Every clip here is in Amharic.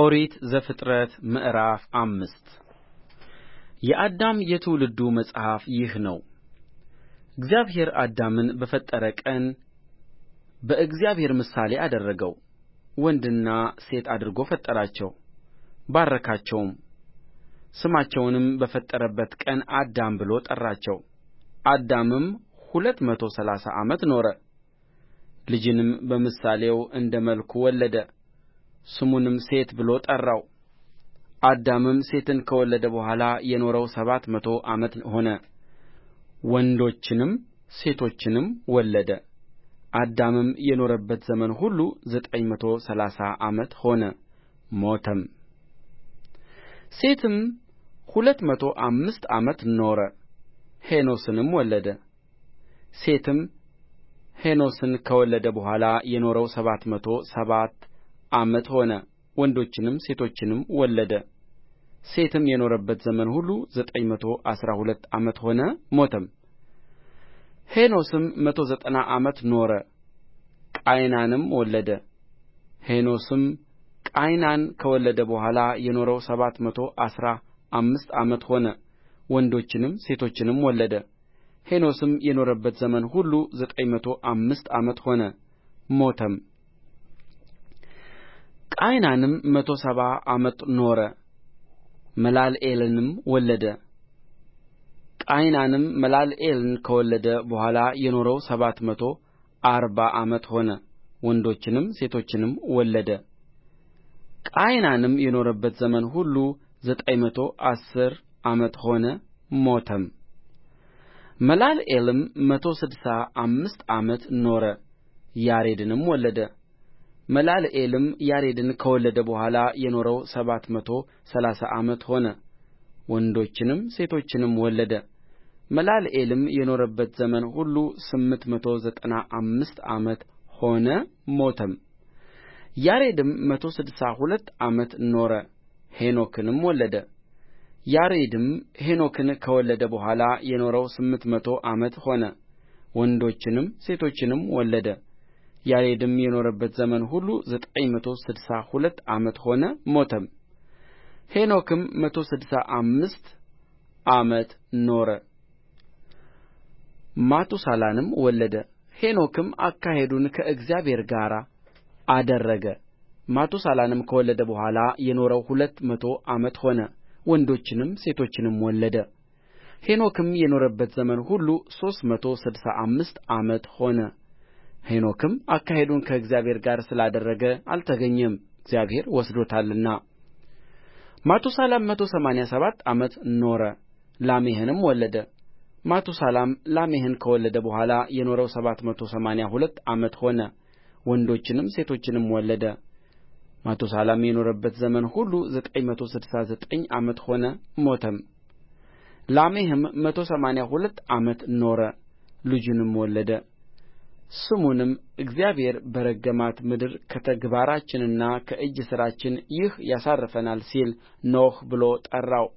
ኦሪት ዘፍጥረት ምዕራፍ አምስት የአዳም የትውልዱ መጽሐፍ ይህ ነው። እግዚአብሔር አዳምን በፈጠረ ቀን በእግዚአብሔር ምሳሌ አደረገው፣ ወንድና ሴት አድርጎ ፈጠራቸው፣ ባረካቸውም። ስማቸውንም በፈጠረበት ቀን አዳም ብሎ ጠራቸው። አዳምም ሁለት መቶ ሠላሳ ዓመት ኖረ፣ ልጅንም በምሳሌው እንደ መልኩ ወለደ ስሙንም ሴት ብሎ ጠራው አዳምም ሴትን ከወለደ በኋላ የኖረው ሰባት መቶ ዓመት ሆነ ወንዶችንም ሴቶችንም ወለደ አዳምም የኖረበት ዘመን ሁሉ ዘጠኝ መቶ ሠላሳ ዓመት ሆነ ሞተም ሴትም ሁለት መቶ አምስት ዓመት ኖረ ሄኖስንም ወለደ ሴትም ሄኖስን ከወለደ በኋላ የኖረው ሰባት መቶ ሰባት ዓመት ሆነ ወንዶችንም ሴቶችንም ወለደ ሴትም የኖረበት ዘመን ሁሉ ዘጠኝ መቶ አሥራ ሁለት ዓመት ሆነ ሞተም ሄኖስም መቶ ዘጠና ዓመት ኖረ ቃይናንም ወለደ ሄኖስም ቃይናን ከወለደ በኋላ የኖረው ሰባት መቶ አሥራ አምስት ዓመት ሆነ ወንዶችንም ሴቶችንም ወለደ ሄኖስም የኖረበት ዘመን ሁሉ ዘጠኝ መቶ አምስት ዓመት ሆነ ሞተም ቃይናንም መቶ ሰባ ዓመት ኖረ መላልኤልንም ወለደ ቃይናንም መላልኤልን ከወለደ በኋላ የኖረው ሰባት መቶ አርባ ዓመት ሆነ ወንዶችንም ሴቶችንም ወለደ ቃይናንም የኖረበት ዘመን ሁሉ ዘጠኝ መቶ አሥር ዓመት ሆነ ሞተም መላልኤልም መቶ ስድሳ አምስት ዓመት ኖረ ያሬድንም ወለደ መላልኤልም ያሬድን ከወለደ በኋላ የኖረው ሰባት መቶ ሠላሳ ዓመት ሆነ ወንዶችንም ሴቶችንም ወለደ መላልኤልም የኖረበት ዘመን ሁሉ ስምንት መቶ ዘጠና አምስት ዓመት ሆነ ሞተም ያሬድም መቶ ስድሳ ሁለት ዓመት ኖረ ሄኖክንም ወለደ ያሬድም ሄኖክን ከወለደ በኋላ የኖረው ስምንት መቶ ዓመት ሆነ ወንዶችንም ሴቶችንም ወለደ ያሬድም የኖረበት ዘመን ሁሉ ዘጠኝ መቶ ስድሳ ሁለት ዓመት ሆነ ሞተም ሄኖክም መቶ ስድሳ አምስት ዓመት ኖረ ማቱሳላንም ወለደ ሄኖክም አካሄዱን ከእግዚአብሔር ጋር አደረገ ማቱሳላንም ከወለደ በኋላ የኖረው ሁለት መቶ ዓመት ሆነ ወንዶችንም ሴቶችንም ወለደ ሄኖክም የኖረበት ዘመን ሁሉ ሦስት መቶ ስድሳ አምስት ዓመት ሆነ ሄኖክም አካሄዱን ከእግዚአብሔር ጋር ስላደረገ አልተገኘም እግዚአብሔር ወስዶታልና ማቱሳላም መቶ ሰማንያ ሰባት ዓመት ኖረ ላሜሕንም ወለደ ማቱሳላም ላሜሕን ከወለደ በኋላ የኖረው ሰባት መቶ ሰማንያ ሁለት ዓመት ሆነ ወንዶችንም ሴቶችንም ወለደ ማቱሳላም የኖረበት ዘመን ሁሉ ዘጠኝ መቶ ስድሳ ዘጠኝ ዓመት ሆነ ሞተም ላሜሕም መቶ ሰማንያ ሁለት ዓመት ኖረ ልጅንም ወለደ ስሙንም እግዚአብሔር በረገማት ምድር ከተግባራችንና ከእጅ ሥራችን ይህ ያሳርፈናል ሲል ኖኅ ብሎ ጠራው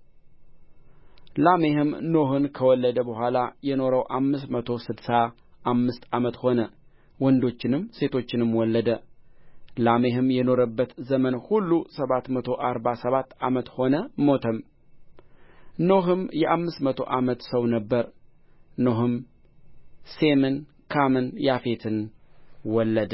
ላሜሕም ኖኅን ከወለደ በኋላ የኖረው አምስት መቶ ስድሳ አምስት ዓመት ሆነ ወንዶችንም ሴቶችንም ወለደ ላሜሕም የኖረበት ዘመን ሁሉ ሰባት መቶ አርባ ሰባት ዓመት ሆነ ሞተም ኖኅም የአምስት መቶ ዓመት ሰው ነበረ ኖኅም ሴምን ካምን ያፌትን ወለደ